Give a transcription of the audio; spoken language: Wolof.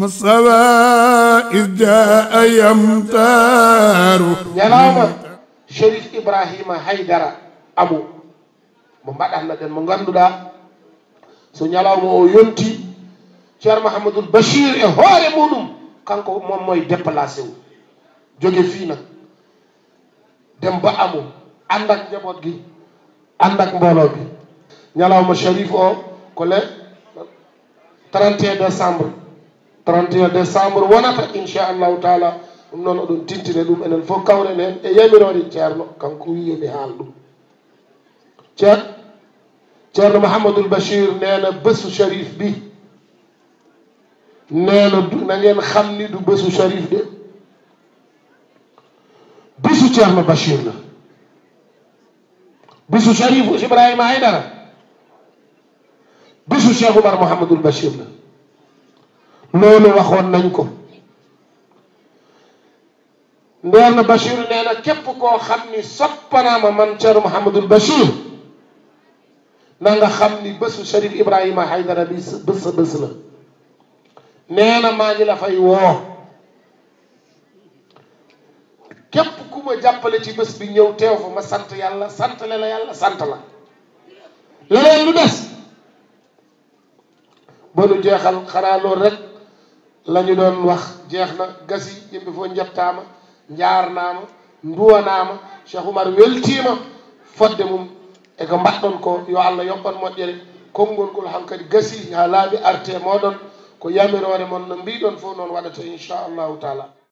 مصطفى إذ جاء يمتار ينام شريف إبراهيم هيدر أبو مبادئ لدن مغندودا so ñalawma o yonti ceer mahamadul bachir e hoore muɗum kanko moom mooy déplacé wu jóge fii nag ba amu ànd ak njaboot gi ànd ak o ko le 31 décembre wonata inchallahu taala ɗum noon oɗon tintine ɗum enen fof kawren hen e yamirore ceerno kanko wiyomi haal ɗum ceer ceerno mouhamadoul bachir neena bésu sharif bi neena na ngeen xam ni u bésu sharif de bésu ceerno bachir la bésu sharifu ibrahima haydara bésu cheikh oumar mouhamadoul bachir la loolu waxoon nañ ko Ndeerna Bachir nee na képp koo xam ni soppanaama man Thierno Mouhamadul Bachir na nga xam ni bésu Cherif Ibrahima Haydara bi bés sa na maa ngi fay woo képp ku jàppale ci bés bi ñëw teew fa ma sant yàlla sant la la yàlla sant la leneen lu des ba nu jeexal xanaa loolu rek. la ñu doon wax jeex na gasi yimɓe fof jettama jarnama duwanama cheikh oumar weltima fodde mum eko mbaɗɗon ko yo allah yobban moƴƴere konngol ngol hankadi gasi ha laaɓi arte moɗon ko yamirore moon no mbiɗon fof noon waɗata inchallahu taala